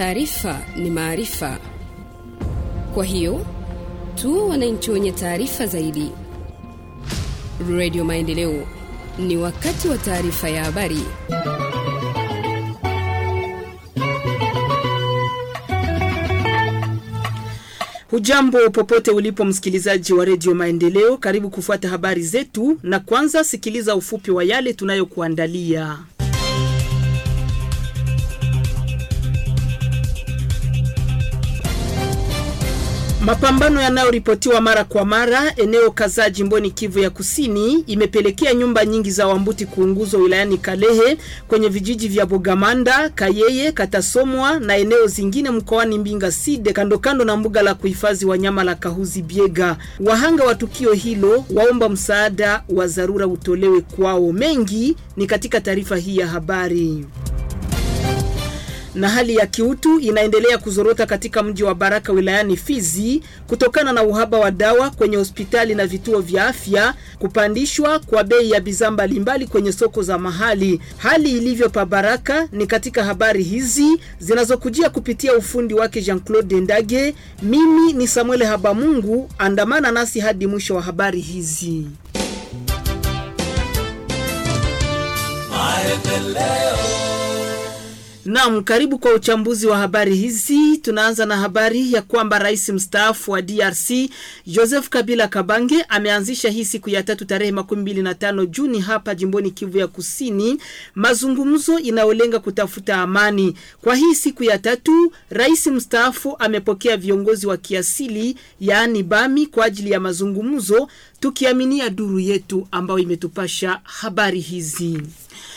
Taarifa ni maarifa, kwa hiyo tu wananchi wenye taarifa zaidi. Redio Maendeleo, ni wakati wa taarifa ya habari. Hujambo popote ulipo msikilizaji wa redio Maendeleo, karibu kufuata habari zetu, na kwanza sikiliza ufupi wa yale tunayokuandalia. Mapambano yanayoripotiwa mara kwa mara eneo kadhaa jimboni Kivu ya Kusini imepelekea nyumba nyingi za Wambuti kuunguzwa wilayani Kalehe kwenye vijiji vya Bogamanda, Kayeye, Katasomwa na eneo zingine mkoani Mbinga Side kando na mbuga la kuhifadhi wanyama la Kahuzi Biega. Wahanga wa tukio hilo waomba msaada wa dharura utolewe kwao. Mengi ni katika taarifa hii ya habari na hali ya kiutu inaendelea kuzorota katika mji wa Baraka wilayani Fizi kutokana na uhaba wa dawa kwenye hospitali na vituo vya afya, kupandishwa kwa bei ya bidhaa mbalimbali kwenye soko za mahali. Hali ilivyo pa Baraka ni katika habari hizi zinazokujia kupitia ufundi wake Jean-Claude Ndage. Mimi ni Samuel Habamungu, andamana nasi hadi mwisho wa habari hizi. Maendeleo. Naam, karibu kwa uchambuzi wa habari hizi. Tunaanza na habari ya kwamba rais mstaafu wa DRC Joseph Kabila Kabange ameanzisha hii siku ya tatu tarehe 25 Juni hapa jimboni Kivu ya Kusini mazungumzo inayolenga kutafuta amani. Kwa hii siku ya tatu, rais mstaafu amepokea viongozi wa kiasili yaani Bami kwa ajili ya mazungumzo tukiaminia duru yetu ambayo imetupasha habari hizi.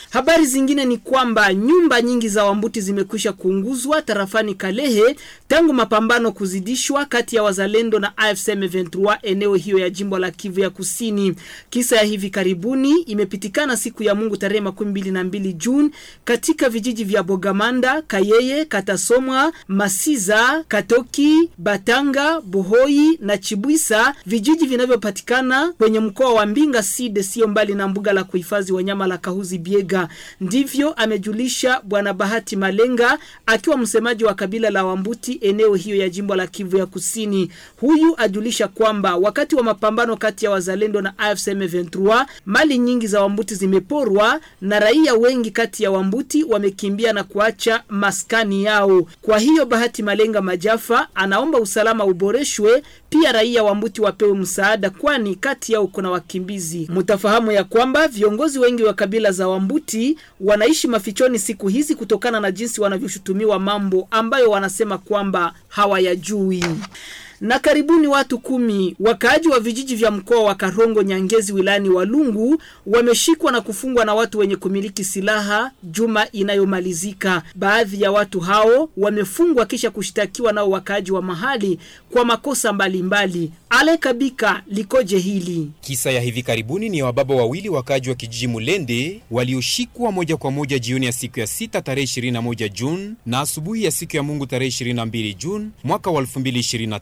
Habari zingine ni kwamba nyumba nyingi za Wambuti zimekwisha kuunguzwa tarafani Kalehe tangu mapambano kuzidishwa kati ya wazalendo na AFC M23 eneo hiyo ya jimbo la Kivu ya Kusini. Kisa ya hivi karibuni imepitikana siku ya Mungu tarehe 12 Juni katika vijiji vya Bogamanda, Kayeye, Katasomwa, Masiza, Katoki, Batanga, Bohoi na Chibwisa, vijiji vinavyopatikana Murang'a kwenye mkoa wa Mbinga Side, sio mbali na mbuga la kuhifadhi wanyama la Kahuzi Biega. Ndivyo amejulisha Bwana Bahati Malenga akiwa msemaji wa kabila la Wambuti eneo hiyo ya jimbo la Kivu ya Kusini. Huyu ajulisha kwamba wakati wa mapambano kati ya wazalendo na AFC M23 mali nyingi za Wambuti zimeporwa na raia wengi kati ya Wambuti wamekimbia na kuacha maskani yao. Kwa hiyo Bahati Malenga Majafa anaomba usalama uboreshwe pia raia wa Mbuti wapewe msaada, kwani kati yao kuna wakimbizi. Mtafahamu ya kwamba viongozi wengi wa kabila za Wambuti wanaishi mafichoni siku hizi kutokana na jinsi wanavyoshutumiwa mambo ambayo wanasema kwamba hawayajui na karibuni watu kumi wakaaji wa vijiji vya mkoa wa Karongo Nyangezi wilani Walungu wameshikwa na kufungwa na watu wenye kumiliki silaha juma inayomalizika. Baadhi ya watu hao wamefungwa kisha kushtakiwa nao wakaaji wa mahali kwa makosa mbalimbali. Ale Kabika likoje hili kisa ya hivi karibuni ni wababa wawili wakaaji wa kijiji Mulende walioshikwa moja kwa moja jioni ya siku ya sita tarehe moja Juni na asubuhi ya siku ya Mungu tarehe mbili Juni mwaka wa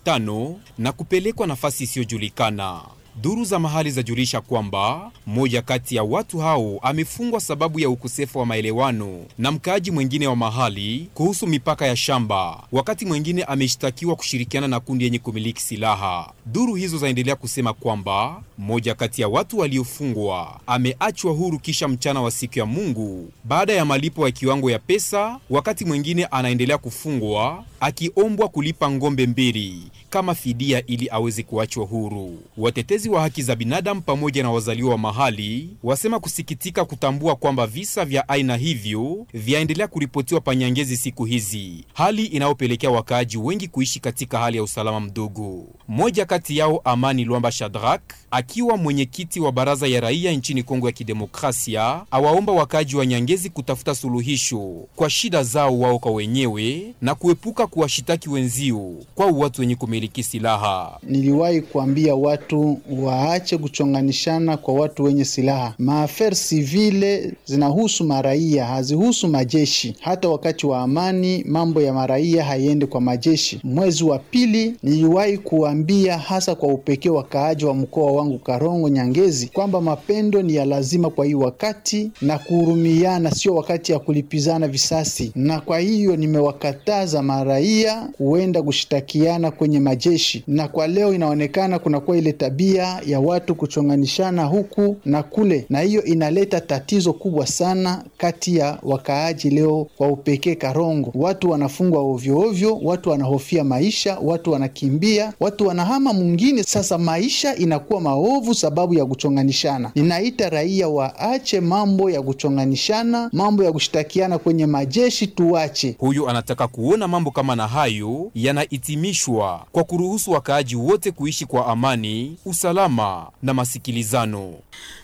tano tano na kupelekwa nafasi isiyojulikana. Duru za mahali zajulisha kwamba mmoja kati ya watu hao amefungwa sababu ya ukosefu wa maelewano na mkaaji mwengine wa mahali kuhusu mipaka ya shamba, wakati mwengine ameshtakiwa kushirikiana na kundi yenye kumiliki silaha. Duru hizo zaendelea kusema kwamba mmoja kati ya watu waliofungwa ameachwa huru kisha mchana wa siku ya Mungu baada ya malipo ya kiwango ya pesa, wakati mwengine anaendelea kufungwa akiombwa kulipa ng'ombe mbili kama fidia ili aweze kuachwa huru. Watetezi wa haki za binadamu pamoja na wazaliwa wa mahali wasema kusikitika kutambua kwamba visa vya aina hivyo vyaendelea kuripotiwa panyangezi siku hizi, hali inayopelekea wakaaji wengi kuishi katika hali ya usalama mdogo. Mmoja kati yao Amani Lwamba shadrak akiwa mwenyekiti wa baraza ya raia nchini Kongo ya Kidemokrasia, awaomba wakaaji wa Nyangezi kutafuta suluhisho kwa shida zao wao kwa wenyewe na kuepuka kuwashitaki wenzio kwa watu wenye kumiliki silaha. Niliwahi kuambia watu waache kuchonganishana kwa watu wenye silaha. Maafer sivile zinahusu maraia, hazihusu majeshi. Hata wakati wa amani mambo ya maraia haiende kwa majeshi. Mwezi wa pili niliwahi kuambia hasa kwa upekee wakaaji wa mkoa wangu Karongo Nyangezi kwamba mapendo ni ya lazima kwa hii wakati na kuhurumiana, sio wakati ya kulipizana visasi, na kwa hiyo nimewakataza maraia raia huenda kushtakiana kwenye majeshi, na kwa leo inaonekana kunakuwa ile tabia ya watu kuchonganishana huku na kule, na hiyo inaleta tatizo kubwa sana kati ya wakaaji leo kwa upekee Karongo. Watu wanafungwa ovyo ovyo, watu wanahofia maisha, watu wanakimbia, watu wanahama mwingine. Sasa maisha inakuwa maovu sababu ya kuchonganishana. Ninaita raia waache mambo ya kuchonganishana, mambo ya kushtakiana kwenye majeshi tuache. Huyu anataka kuona mambo kama na hayo yanahitimishwa kwa kuruhusu wakaaji wote kuishi kwa amani, usalama na masikilizano.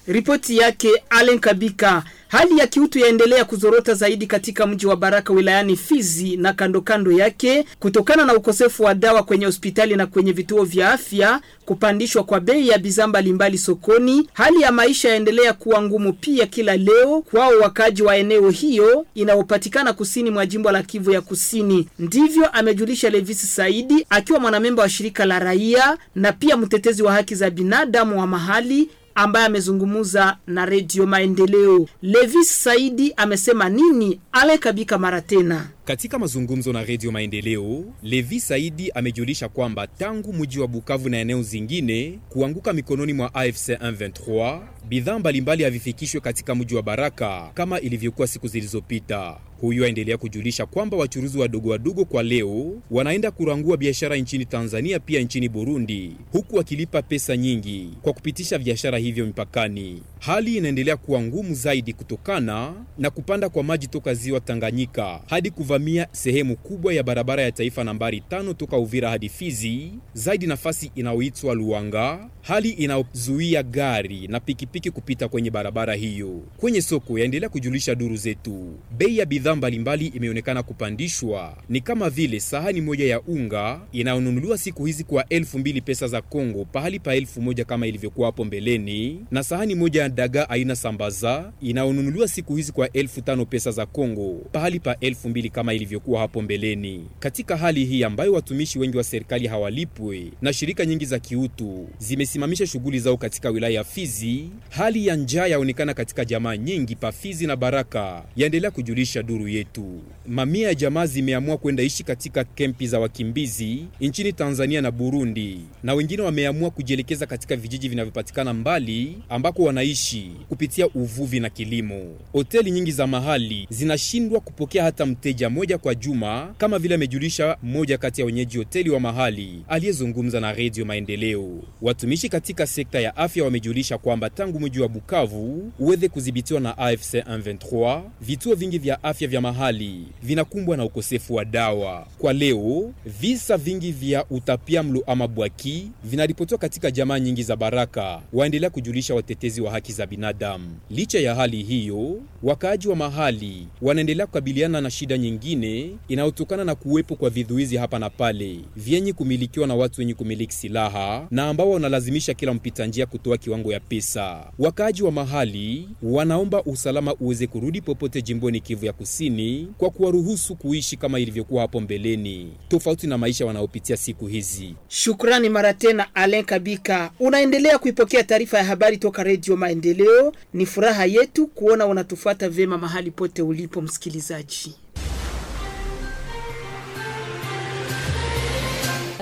Ripoti yake Allen Kabika. Hali ya kiutu yaendelea kuzorota zaidi katika mji wa Baraka wilayani Fizi na kando kando yake kutokana na ukosefu wa dawa kwenye hospitali na kwenye vituo vya afya, kupandishwa kwa bei ya bidhaa mbalimbali sokoni. Hali ya maisha yaendelea kuwa ngumu pia kila leo kwao wakaji wa eneo hiyo inayopatikana kusini mwa jimbo la Kivu ya Kusini. Ndivyo amejulisha Levis Saidi akiwa mwanamemba wa shirika la raia na pia mtetezi wa haki za binadamu wa mahali ambaye amezungumza na redio Maendeleo. Levis Saidi amesema nini? Kabika mara tena katika mazungumzo na redio Maendeleo, Levi Saidi amejulisha kwamba tangu mji wa Bukavu na eneo zingine kuanguka mikononi mwa AFC M23 bidhaa mbalimbali havifikishwe katika mji wa Baraka kama ilivyokuwa siku zilizopita. Huyu aendelea kujulisha kwamba wachuruzi wadogo wadogo kwa leo wanaenda kurangua biashara nchini Tanzania pia nchini Burundi, huku wakilipa pesa nyingi kwa kupitisha biashara hivyo mipakani. Hali inaendelea kuwa ngumu zaidi kutokana na kupanda kwa maji toka ziwa Tanganyika hadi kuvamia sehemu kubwa ya barabara ya taifa nambari tano toka Uvira hadi Fizi, zaidi nafasi inayoitwa Luanga, hali inayozuia gari na pikipiki pikipiki kupita kwenye barabara hiyo. Kwenye soko yaendelea kujulisha duru zetu, bei ya bidhaa mbalimbali imeonekana kupandishwa, ni kama vile sahani moja ya unga inayonunuliwa siku hizi kwa elfu mbili pesa za Kongo pahali pa elfu moja kama ilivyokuwa hapo mbeleni, na sahani moja ya daga aina sambaza inayonunuliwa siku hizi kwa elfu tano pesa za Kongo pahali pa elfu mbili kama ilivyokuwa hapo mbeleni. Katika hali hii ambayo watumishi wengi wa serikali hawalipwi na shirika nyingi za kiutu zimesimamisha shughuli zao katika wilaya ya Fizi Hali ya njaa yaonekana katika jamaa nyingi Pafizi na Baraka, yaendelea kujulisha duru yetu. Mamia ya jamaa zimeamua kwenda ishi katika kempi za wakimbizi nchini Tanzania na Burundi, na wengine wameamua kujielekeza katika vijiji vinavyopatikana mbali ambako wanaishi kupitia uvuvi na kilimo. Hoteli nyingi za mahali zinashindwa kupokea hata mteja moja kwa juma, kama vile amejulisha mmoja kati ya wenyeji hoteli wa mahali aliyezungumza na Redio Maendeleo. Watumishi katika sekta ya afya wamejulisha kwamba tangu tangu mji wa Bukavu uweze kudhibitiwa na AFC M23, vituo vingi vya afya vya mahali vinakumbwa na ukosefu wa dawa. Kwa leo, visa vingi vya utapiamlo ama bwaki vinaripotiwa katika jamaa nyingi za Baraka, waendelea kujulisha watetezi wa haki za binadamu. Licha ya hali hiyo, wakaaji wa mahali wanaendelea kukabiliana na shida nyingine inayotokana na kuwepo kwa vidhuizi hapa na pale vyenye kumilikiwa na watu wenye kumiliki silaha na ambao wanalazimisha kila mpita njia kutoa kiwango ya pesa. Wakaaji wa mahali wanaomba usalama uweze kurudi popote jimboni Kivu ya Kusini kwa kuwaruhusu kuishi kama ilivyokuwa hapo mbeleni, tofauti na maisha wanaopitia siku hizi. Shukrani mara tena, Alen Kabika. Unaendelea kuipokea taarifa ya habari toka Redio Maendeleo. Ni furaha yetu kuona unatufuata vyema mahali pote ulipo, msikilizaji.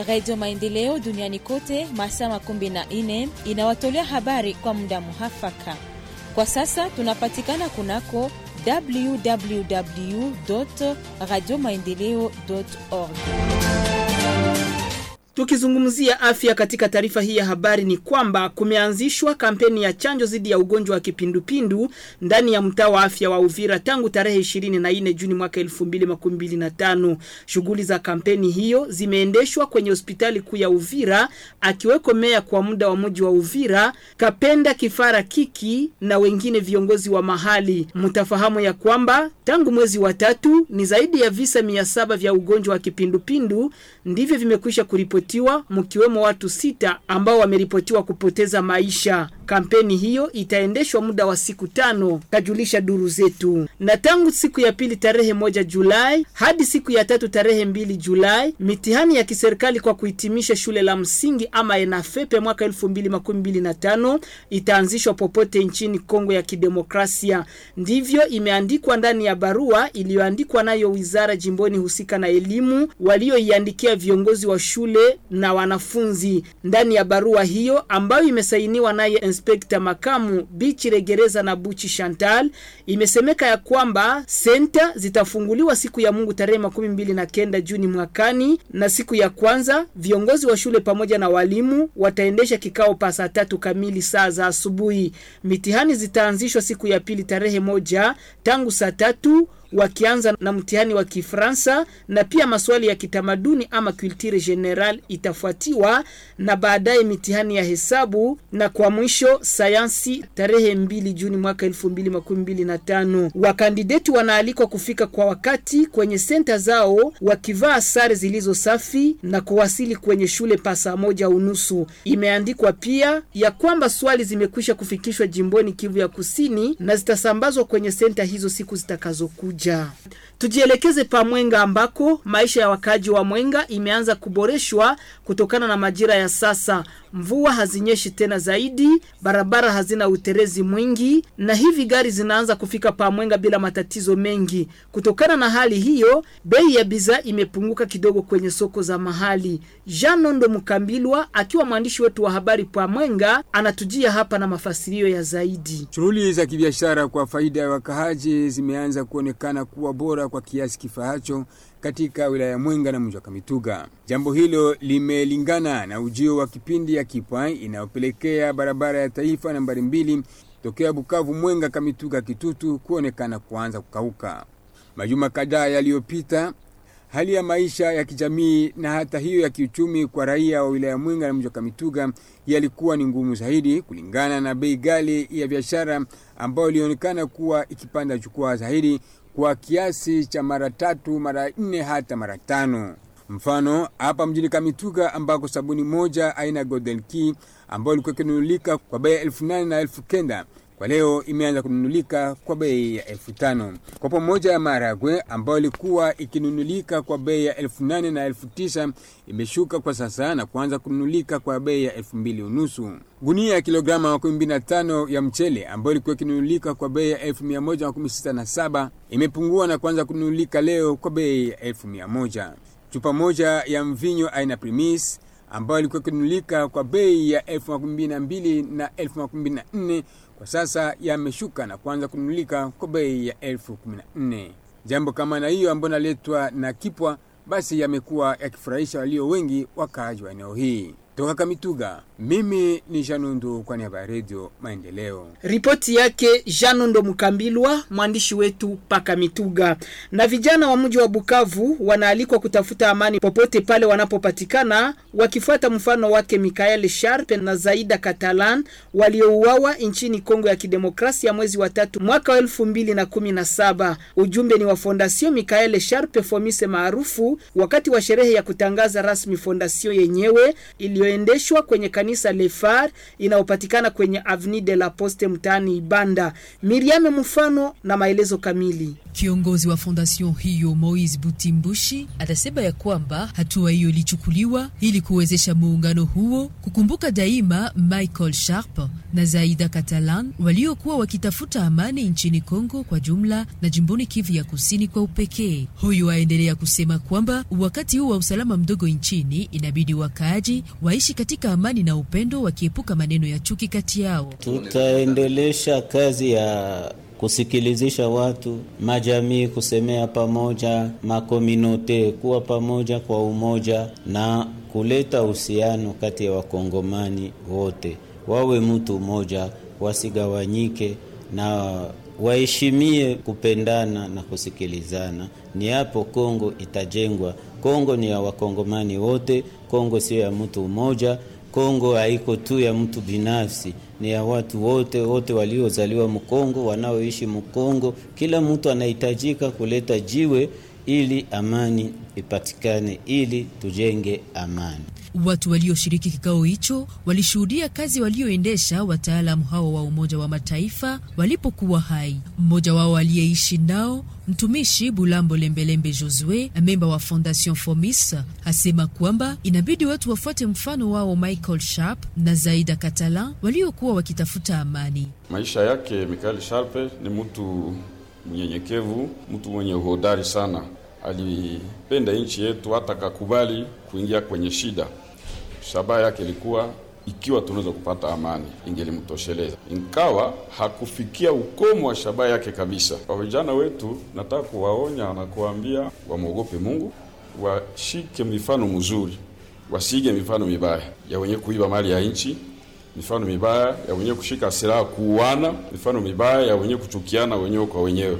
Redio Maendeleo duniani kote masaa 14 inawatolea habari kwa muda muhafaka. Kwa sasa tunapatikana kunako www radio maendeleo org. Tukizungumzia afya katika taarifa hii ya habari ni kwamba kumeanzishwa kampeni ya chanjo dhidi ya ugonjwa wa kipindupindu ndani ya mtaa wa afya wa Uvira tangu tarehe 24 Juni mwaka 2025. Shughuli za kampeni hiyo zimeendeshwa kwenye hospitali kuu ya Uvira akiweko meya kwa muda wa mji wa Uvira Kapenda Kifara Kiki na wengine viongozi wa mahali. Mtafahamu ya kwamba tangu mwezi wa tatu ni zaidi ya visa 700 vya ugonjwa wa kipindupindu ndivyo vimekwisha kuripoti kuripotiwa mkiwemo watu sita ambao wameripotiwa kupoteza maisha. Kampeni hiyo itaendeshwa muda wa siku tano, kajulisha duru zetu. Na tangu siku ya pili tarehe moja Julai hadi siku ya tatu tarehe mbili Julai, mitihani ya kiserikali kwa kuhitimisha shule la msingi ama ENAFEPE e mwaka elfu mbili makumi mbili na tano itaanzishwa popote nchini Kongo ya Kidemokrasia. Ndivyo imeandikwa ndani ya barua iliyoandikwa nayo wizara jimboni husika na elimu, walioiandikia viongozi wa shule na wanafunzi. Ndani ya barua hiyo ambayo imesainiwa naye Inspekta makamu Bichire regereza na Buchi Chantal imesemeka ya kwamba senta zitafunguliwa siku ya Mungu tarehe makumi mbili na kenda Juni mwakani, na siku ya kwanza viongozi wa shule pamoja na walimu wataendesha kikao pa saa tatu kamili saa za asubuhi. Mitihani zitaanzishwa siku ya pili tarehe moja tangu saa tatu wakianza na mtihani wa Kifaransa na pia maswali ya kitamaduni ama culture general itafuatiwa na baadaye mitihani ya hesabu na kwa mwisho sayansi tarehe 2 Juni mwaka 2025. Wakandideti wanaalikwa kufika kwa wakati kwenye senta zao wakivaa sare zilizo safi na kuwasili kwenye shule pa saa moja unusu. Imeandikwa pia ya kwamba swali zimekwisha kufikishwa jimboni Kivu ya Kusini na zitasambazwa kwenye senta hizo siku zitakazokuja moja. Tujielekeze pa Mwenga ambako maisha ya wakaji wa Mwenga imeanza kuboreshwa kutokana na majira ya sasa mvua hazinyeshi tena zaidi, barabara hazina uterezi mwingi, na hivi gari zinaanza kufika Pamwenga bila matatizo mengi. Kutokana na hali hiyo, bei ya bidhaa imepunguka kidogo kwenye soko za mahali. jean nondo Mkambilwa akiwa mwandishi wetu wa habari Pamwenga anatujia hapa na mafasilio ya zaidi. Shughuli za kibiashara kwa faida ya wakahaji zimeanza kuonekana kuwa bora kwa kiasi kifaacho katika wilaya ya Mwenga na mji wa Kamituga. Jambo hilo limelingana na ujio wa kipindi ya Kipwa inayopelekea barabara ya taifa nambari mbili tokea Bukavu Mwenga Kamituga Kitutu kuonekana kuanza kukauka. Majuma kadhaa yaliyopita, hali ya maisha ya kijamii na hata hiyo ya kiuchumi kwa raia wa wilaya Mwenga na mji wa Kamituga yalikuwa ni ngumu zaidi, kulingana na bei ghali ya biashara ambayo ilionekana kuwa ikipanda chukua zaidi kwa kiasi cha mara tatu, mara nne, hata mara tano. Mfano hapa mjini Kamituga ambako sabuni moja aina ya Golden Key ambayo ilikuwa ikinunulika kwa bei ya elfu nane na elfu kenda kwa leo imeanza kununulika kwa bei ya elfu tano. Kopo moja ya maragwe ambayo ilikuwa ikinunulika kwa bei ya elfu nane na elfu tisa imeshuka kwa sasa na kuanza kununulika kwa bei ya elfu mbili unusu. Gunia ya kilograma makumi mbili na tano ya mchele ambayo ilikuwa ikinunulika kwa bei ya elfu mia moja makumi sita na saba imepungua na kuanza kununulika leo kwa bei ya elfu mia moja chupa moja ya mvinyo aina primis ambayo ilikuwa ikinunulika kwa bei ya 2012 na 2014 kwa sasa yameshuka na kuanza kununulika kwa bei ya 14 Jambo kama na hiyo ambayo naletwa na Kipwa basi yamekuwa yakifurahisha walio wengi wakaaji wa eneo hii. Toka Kamituga, mimi ni Janundu kwa niaba ya Radio Maendeleo. Ripoti yake Janundo Mkambilwa, mwandishi wetu Paka Mituga. Na vijana wa mji wa Bukavu wanaalikwa kutafuta amani popote pale wanapopatikana, wakifuata mfano wake Mikael Sharpe na Zaida Catalan waliouawa nchini Kongo ya Kidemokrasia mwezi wa tatu mwaka wa elfu mbili na kumi na saba. Ujumbe ni wa Fondasio Mikael Sharpe Fomise maarufu, wakati wa sherehe ya kutangaza rasmi fondasio yenyewe iliyoendeshwa kwenye kanisa Lefar inayopatikana kwenye Avenue de la Poste mtaani Ibanda. Miriame mfano na maelezo kamili. Kiongozi wa fondation hiyo Moise Butimbushi atasema ya kwamba hatua hiyo ilichukuliwa ili kuwezesha muungano huo kukumbuka daima Michael Sharp na Zaida Catalan waliokuwa wakitafuta amani nchini Kongo kwa jumla na jimboni Kivu ya Kusini kwa upekee. Huyu aendelea kusema kwamba wakati huu wa usalama mdogo nchini inabidi wakaaji waishi katika amani na upendo, wakiepuka maneno ya chuki kati yao. Tutaendelesha kazi ya kusikilizisha watu majamii, kusemea pamoja, makominote kuwa pamoja kwa umoja na kuleta uhusiano kati ya wakongomani wote, wawe mtu mmoja, wasigawanyike na waheshimie kupendana na kusikilizana. Ni hapo Kongo itajengwa. Kongo ni ya wakongomani wote, Kongo sio ya mtu mmoja. Kongo haiko tu ya mtu binafsi, ni ya watu wote wote waliozaliwa Mkongo, wanaoishi Mkongo. Kila mtu anahitajika kuleta jiwe ili amani ipatikane, ili tujenge amani. Watu walioshiriki kikao hicho walishuhudia kazi walioendesha wataalamu hao wa Umoja wa Mataifa walipokuwa hai. Mmoja wao aliyeishi nao, mtumishi Bulambo Lembelembe Josue, memba wa Fondation Fomis, asema kwamba inabidi watu wafuate mfano wao Michael Sharp na Zaida Catalan waliokuwa wakitafuta amani. Maisha yake Michael Sharpe ni mtu mnyenyekevu, mtu mwenye uhodari sana alipenda nchi yetu, hata kakubali kuingia kwenye shida. Shabaha yake ilikuwa ikiwa tunaweza kupata amani, ingelimtosheleza, inkawa hakufikia ukomo wa shabaha yake kabisa. Kwa vijana wetu, nataka kuwaonya na kuwaambia wamwogope Mungu, washike mifano mzuri, wasiige mifano mibaya ya wenye kuiba mali ya nchi, mifano mibaya ya wenye kushika silaha kuuana, mifano mibaya ya wenye kuchukiana wenyewe kwa wenyewe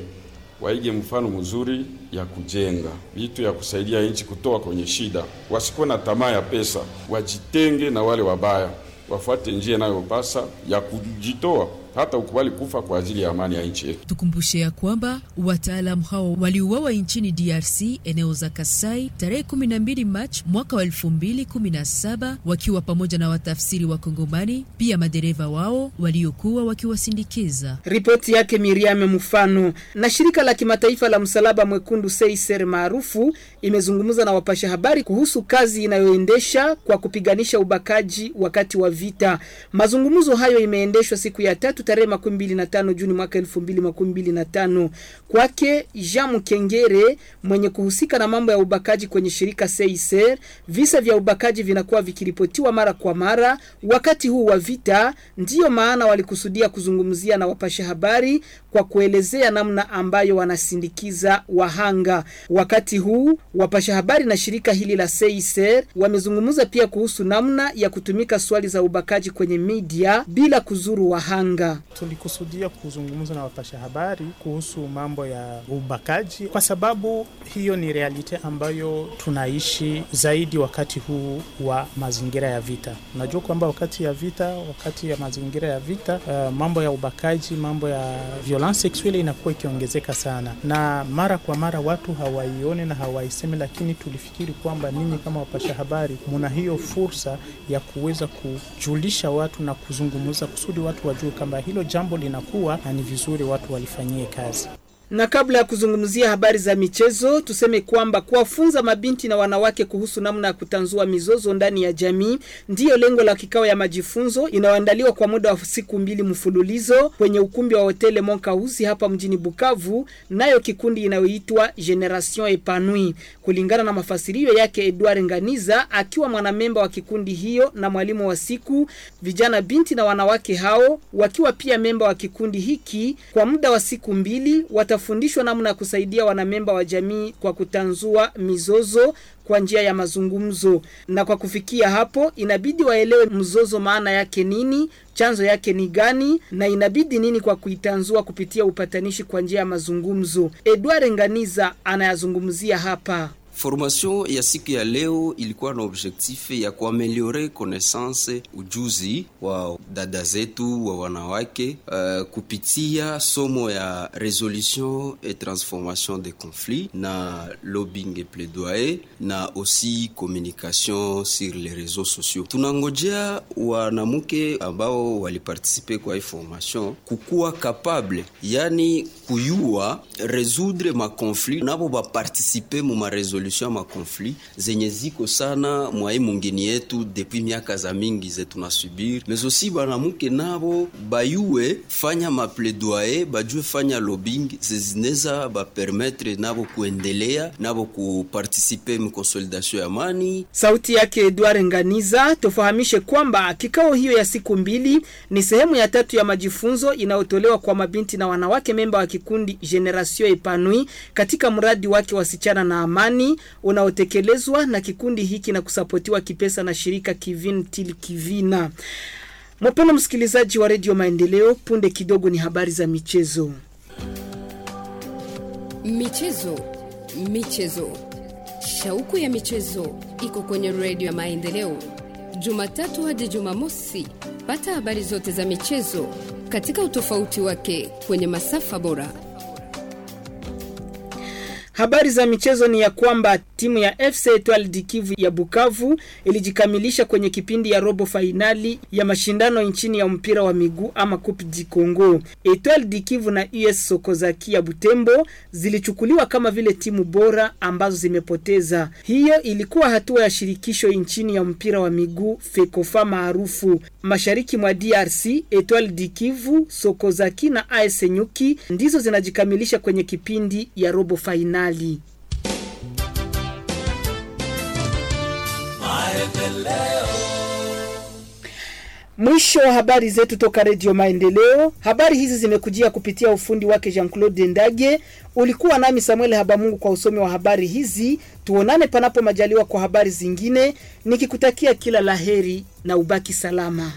waige mfano mzuri ya kujenga vitu ya kusaidia nchi kutoa kwenye shida, wasikuwe na tamaa ya pesa, wajitenge na wale wabaya, wafuate njia inayopasa ya kujitoa hata ukubali kufa kwa ajili ya amani ya nchi yetu. Tukumbushe ya kwamba wataalamu hao waliuawa nchini DRC eneo za Kasai tarehe 12 Machi mwaka wa 2017 wakiwa pamoja na watafsiri wa Kongomani, pia madereva wao waliokuwa wakiwasindikiza. Ripoti yake Miriam Mfano. Na shirika la kimataifa la msalaba mwekundu Seiser maarufu imezungumza na wapasha habari kuhusu kazi inayoendesha kwa kupiganisha ubakaji wakati wa vita. Mazungumzo hayo imeendeshwa siku ya tatu tarehe makumi mbili na tano Juni mwaka elfu mbili makumi mbili na tano kwake Jean Mkengere mwenye kuhusika na mambo ya ubakaji kwenye shirika Seiser. Visa vya ubakaji vinakuwa vikiripotiwa mara kwa mara wakati huu wa vita, ndiyo maana walikusudia kuzungumzia na wapasha habari kwa kuelezea namna ambayo wanasindikiza wahanga. Wakati huu wapasha habari na shirika hili la Seiser wamezungumza pia kuhusu namna ya kutumika swali za ubakaji kwenye media bila kuzuru wahanga. Tulikusudia kuzungumza na wapasha habari kuhusu mambo ya ubakaji, kwa sababu hiyo ni realite ambayo tunaishi zaidi wakati huu wa mazingira ya vita. Unajua kwamba wakati ya vita, wakati ya mazingira ya vita, uh, mambo ya ubakaji, mambo ya violence sexual inakuwa ikiongezeka sana, na mara kwa mara watu hawaione na hawaisemi, lakini tulifikiri kwamba ninyi kama wapasha habari muna hiyo fursa ya kuweza kujulisha watu na kuzungumza kusudi watu wajue kwamba hilo jambo linakuwa na ni vizuri watu walifanyie kazi. Na kabla ya kuzungumzia habari za michezo, tuseme kwamba kuwafunza mabinti na wanawake kuhusu namna ya kutanzua mizozo ndani ya jamii ndiyo lengo la kikao ya majifunzo inayoandaliwa kwa muda wa siku mbili mfululizo kwenye ukumbi wa hoteli Monkausi hapa mjini Bukavu, nayo kikundi inayoitwa Generation Epanui, kulingana na mafasirio yake Edward Nganiza, akiwa mwanamemba wa kikundi hiyo na mwalimu wa siku. Vijana binti na wanawake hao wakiwa pia memba wa kikundi hiki kwa muda wa siku mbili wata wanafundishwa namna ya kusaidia wanamemba wa jamii kwa kutanzua mizozo kwa njia ya mazungumzo. Na kwa kufikia hapo, inabidi waelewe mzozo maana yake nini, chanzo yake ni gani, na inabidi nini kwa kuitanzua kupitia upatanishi kwa njia ya mazungumzo. Edward Nganiza anayazungumzia hapa. Formation ya siku ya leo ilikuwa na objektif ya kuameliore connaissance ujuzi wa dada zetu wa wanawake uh, kupitia somo ya resolution et transformation des conflits na lobbying et plaidoyer na aussi communication sur les réseaux sociaux. Tunangojea wanamke ambao waliparticipe kwa hii formation kukuwa capable, yani kuyua résoudre ma conflit nabo baparticipe mu ma resolution solution ya makonfli zenye ziko sana mwaye mungini yetu depuis miaka za mingi ze tunasubiri mezosi banamuke nabo bayue fanya mapledoye bajue fanya lobbying zezineza bapermetre nabo kuendelea nabo kupartisipe mkonsolidasio ya mani Sauti yake Edward Nganiza. Tufahamishe kwamba kikao hiyo ya siku mbili ni sehemu ya tatu ya majifunzo inayotolewa kwa mabinti na wanawake memba wa kikundi Generation Epanui katika mradi wake wasichana na amani unaotekelezwa na kikundi hiki na kusapotiwa kipesa na shirika Kivin Til Kivina. Mpendwa msikilizaji wa redio Maendeleo, punde kidogo ni habari za michezo. Michezo, michezo, shauku ya michezo iko kwenye redio ya Maendeleo, Jumatatu hadi Jumamosi. Pata habari zote za michezo katika utofauti wake kwenye masafa bora Habari za michezo ni ya kwamba timu ya FC Etoile Kivu ya Bukavu ilijikamilisha kwenye kipindi ya robo fainali ya mashindano nchini ya mpira wa miguu ama Coupe du Congo. Etoile Kivu na US Sokozaki ya Butembo zilichukuliwa kama vile timu bora ambazo zimepoteza. Hiyo ilikuwa hatua ya shirikisho nchini ya mpira wa miguu FECOFA maarufu. Mashariki mwa DRC, Etoile Kivu, Sokozaki na AS Nyuki ndizo zinajikamilisha kwenye kipindi ya robo fainali mali Mwisho wa habari zetu toka Redio Maendeleo. Habari hizi zimekujia kupitia ufundi wake Jean-Claude Ndage. Ulikuwa nami Samuel Habamungu kwa usomi wa habari hizi. Tuonane panapo majaliwa kwa habari zingine, nikikutakia kila laheri na ubaki salama.